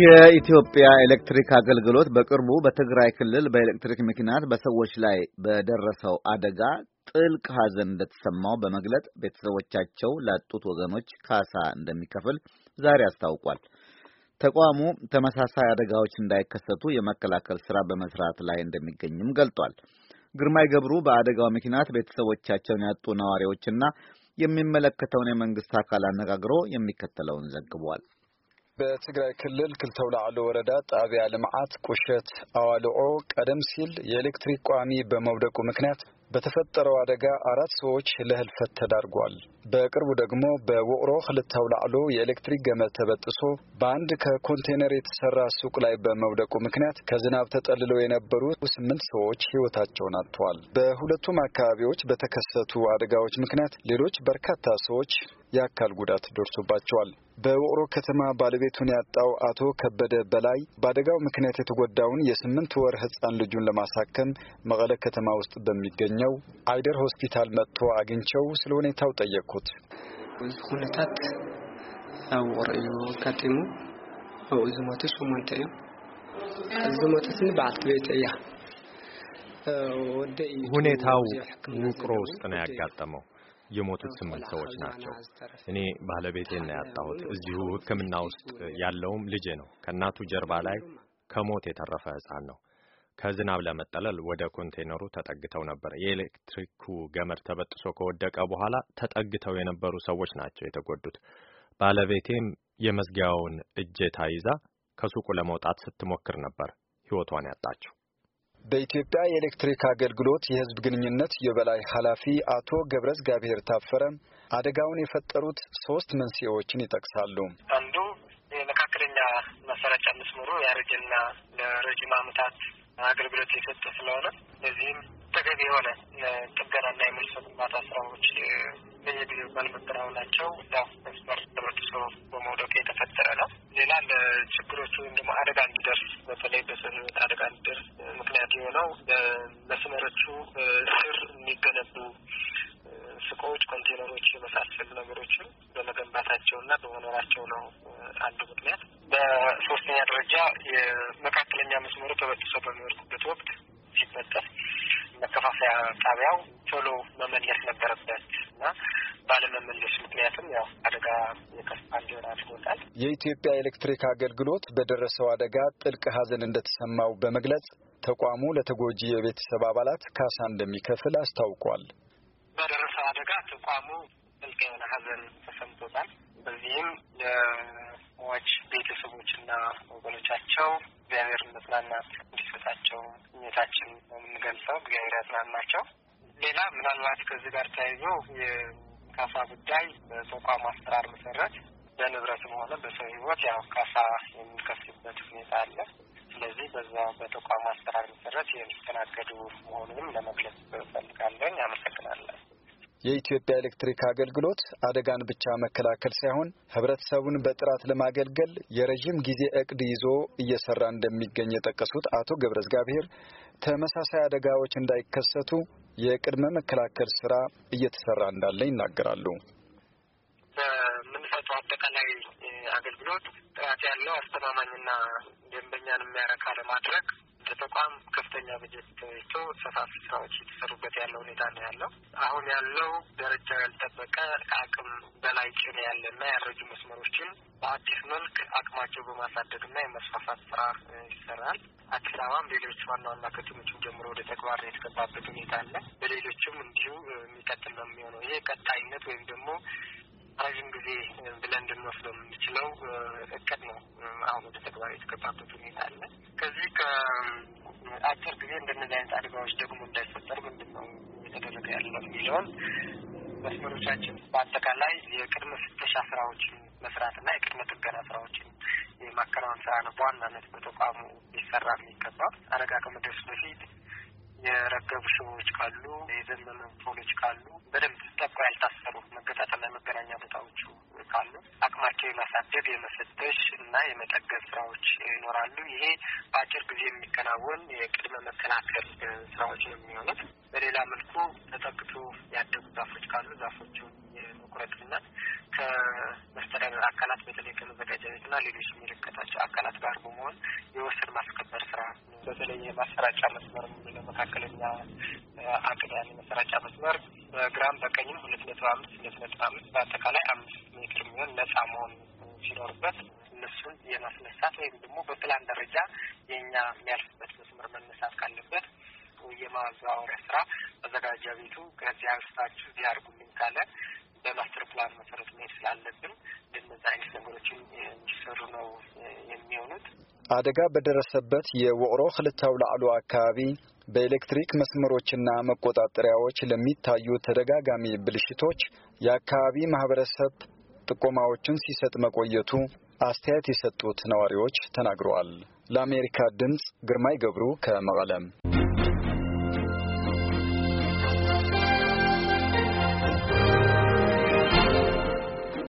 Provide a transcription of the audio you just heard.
የኢትዮጵያ ኤሌክትሪክ አገልግሎት በቅርቡ በትግራይ ክልል በኤሌክትሪክ ምክንያት በሰዎች ላይ በደረሰው አደጋ ጥልቅ ሐዘን እንደተሰማው በመግለጥ ቤተሰቦቻቸው ላጡት ወገኖች ካሳ እንደሚከፍል ዛሬ አስታውቋል። ተቋሙ ተመሳሳይ አደጋዎች እንዳይከሰቱ የመከላከል ስራ በመስራት ላይ እንደሚገኝም ገልጧል። ግርማይ ገብሩ በአደጋው ምክንያት ቤተሰቦቻቸውን ያጡ ነዋሪዎችና የሚመለከተውን የመንግስት አካል አነጋግሮ የሚከተለውን ዘግቧል። በትግራይ ክልል ክልተ አውላዕሎ ወረዳ ጣቢያ ልምዓት ቁሸት አዋልኦ ቀደም ሲል የኤሌክትሪክ ቋሚ በመውደቁ ምክንያት በተፈጠረው አደጋ አራት ሰዎች ለህልፈት ተዳርጓል። በቅርቡ ደግሞ በውቅሮ ክልተ አውላዕሎ የኤሌክትሪክ ገመድ ተበጥሶ በአንድ ከኮንቴነር የተሰራ ሱቅ ላይ በመውደቁ ምክንያት ከዝናብ ተጠልለው የነበሩ ስምንት ሰዎች ህይወታቸውን አጥተዋል። በሁለቱም አካባቢዎች በተከሰቱ አደጋዎች ምክንያት ሌሎች በርካታ ሰዎች የአካል ጉዳት ደርሶባቸዋል። በውቅሮ ከተማ ባለቤቱን ያጣው አቶ ከበደ በላይ በአደጋው ምክንያት የተጎዳውን የስምንት ወር ህፃን ልጁን ለማሳከም መቀለ ከተማ ውስጥ በሚገኘው አይደር ሆስፒታል መጥቶ አግኝቸው ስለ ሁኔታው ጠየቅኩት። ብዙ ሁነታት ውቅሮ እዩ አጋጢሙ ኣብኡ ዝሞቱ ሸሞንተ እዮም ዝሞቱትን በዓልቲ ቤት እያ። ሁኔታው ውቅሮ ውስጥ ነው ያጋጠመው። የሞቱት ስምንት ሰዎች ናቸው። እኔ ባለቤቴን ነው ያጣሁት። እዚሁ ሕክምና ውስጥ ያለውም ልጄ ነው። ከእናቱ ጀርባ ላይ ከሞት የተረፈ ሕፃን ነው። ከዝናብ ለመጠለል ወደ ኮንቴይነሩ ተጠግተው ነበር። የኤሌክትሪኩ ገመድ ተበጥሶ ከወደቀ በኋላ ተጠግተው የነበሩ ሰዎች ናቸው የተጎዱት። ባለቤቴም የመዝጊያውን እጀታ ይዛ ከሱቁ ለመውጣት ስትሞክር ነበር ሕይወቷን ያጣችው። በኢትዮጵያ የኤሌክትሪክ አገልግሎት የሕዝብ ግንኙነት የበላይ ኃላፊ አቶ ገብረስ ጋብሔር ታፈረ አደጋውን የፈጠሩት ሶስት መንስኤዎችን ይጠቅሳሉ። አንዱ የመካከለኛ መሰረጫ መስመሩ ያረጀና ለረጅም ዓመታት አገልግሎት የሰጠ ስለሆነ ለዚህም ተገቢ የሆነ ጥገናና የመልሶ ግንባታ ስራዎች በየጊዜው ባልመከናወናቸው ያው መኖራቸው ነው አንዱ ምክንያት። በሶስተኛ ደረጃ የመካከለኛ መስመሩ ተበጥሶ በሚወርቁበት ወቅት ሲበጠስ መከፋፈያ ጣቢያው ቶሎ መመለስ ነበረበት እና ባለመመለስ ምክንያትም ያው አደጋ የከፋ እንዲሆን አድርጎታል። የኢትዮጵያ ኤሌክትሪክ አገልግሎት በደረሰው አደጋ ጥልቅ ሐዘን እንደተሰማው በመግለጽ ተቋሙ ለተጎጂ የቤተሰብ አባላት ካሳ እንደሚከፍል አስታውቋል። በደረሰው አደጋ ተቋሙ ጥልቅ የሆነ ሐዘን ተሰምቶታል። በተለይም ለሟች እና ወገኖቻቸው እግዚአብሔር መጽናናት እንዲሰጣቸው እኘታችን ነው የምንገልጸው። እግዚአብሔር ያጽናናቸው። ሌላ ምናልባት ከዚህ ጋር ተያይዞ የካሳ ጉዳይ በተቋሙ አሰራር መሰረት በንብረትም ሆነ በሰው ሕይወት ያው ካሳ የሚከፍልበት ሁኔታ አለ። ስለዚህ በዛ በተቋሙ አሰራር መሰረት የሚስተናገዱ መሆኑንም ለመግለጽ ፈልጋለኝ። አመሰግናለን። የኢትዮጵያ ኤሌክትሪክ አገልግሎት አደጋን ብቻ መከላከል ሳይሆን ህብረተሰቡን በጥራት ለማገልገል የረዥም ጊዜ እቅድ ይዞ እየሰራ እንደሚገኝ የጠቀሱት አቶ ገብረ እግዚአብሔር ተመሳሳይ አደጋዎች እንዳይከሰቱ የቅድመ መከላከል ስራ እየተሰራ እንዳለ ይናገራሉ። በምንሰጠው አጠቃላይ አገልግሎት ጥራት ያለው አስተማማኝና ደንበኛን የሚያረካ ለማድረግ ተቋም ከፍተኛ በጀት ተይቶ ሰፋፊ ስራዎች የተሰሩበት ያለ ሁኔታ ነው ያለው። አሁን ያለው ደረጃ ያልጠበቀ ከአቅም በላይ ጭን ያለና ያረጁ መስመሮችን በአዲስ መልክ አቅማቸው በማሳደግና የመስፋፋት ስራ ይሰራል። አዲስ አበባም ሌሎች ዋና ዋና ከተሞችን ጀምሮ ወደ ተግባር የተገባበት ሁኔታ አለ። በሌሎችም እንዲሁ የሚቀጥል ነው የሚሆነው። ይሄ ቀጣይነት ወይም ደግሞ ረዥም ጊዜ ብለን እንድንወስደው የምንችለው እቅድ ነው። አሁን ወደ ተግባር የተገባበት ሁኔታ አለ። ከዚህ ከአጭር ጊዜ እንደነዚህ አይነት አደጋዎች ደግሞ እንዳይፈጠር ምንድን ነው የተደረገ ያለው የሚለውን መስመሮቻችን በአጠቃላይ የቅድመ ፍተሻ ስራዎችን መስራትና የቅድመ ጥገና ስራዎችን የማከናወን ስራ ነው በዋናነት በተቋሙ ሊሰራ የሚገባ አደጋ ከመድረሱ በፊት የረገቡ ሽቦዎች ካሉ የዘመኑ ፖሎች ካሉ በደንብ ጠብቆ ያልታስ የማሳደድ የመፈተሽ እና የመጠገብ ስራዎች ይኖራሉ። ይሄ በአጭር ጊዜ የሚከናወን የቅድመ መከላከል ስራዎች ነው የሚሆኑት። በሌላ መልኩ ተጠቅቶ ያደጉ ዛፎች ካሉ ዛፎቹን የመቁረጥና ከመስተዳደር አካላት በተለይ ከመዘጋጃ ቤትና ሌሎች የሚመለከታቸው አካላት ጋር በመሆን የወሰን ማስከበር ስራ በተለይ የማሰራጫ መስመር የምንለው መካከለኛ አቅድ ያለ መስመር በግራም በቀኝም ሁለት ነጥብ አምስት ሁለት ነጥብ አምስት በአጠቃላይ አምስት ቤቱ ከዚህ አንስታችሁ ቢያርጉልኝ ካለ በማስተር ፕላን መሰረት መሄድ ስላለብን እንደነዚህ አይነት ነገሮችን እንዲሰሩ ነው የሚሆኑት። አደጋ በደረሰበት የውቅሮ ክልተው ላዕሉ አካባቢ በኤሌክትሪክ መስመሮችና መቆጣጠሪያዎች ለሚታዩ ተደጋጋሚ ብልሽቶች የአካባቢ ማህበረሰብ ጥቆማዎችን ሲሰጥ መቆየቱ አስተያየት የሰጡት ነዋሪዎች ተናግረዋል። ለአሜሪካ ድምፅ ግርማይ ገብሩ ከመቀለም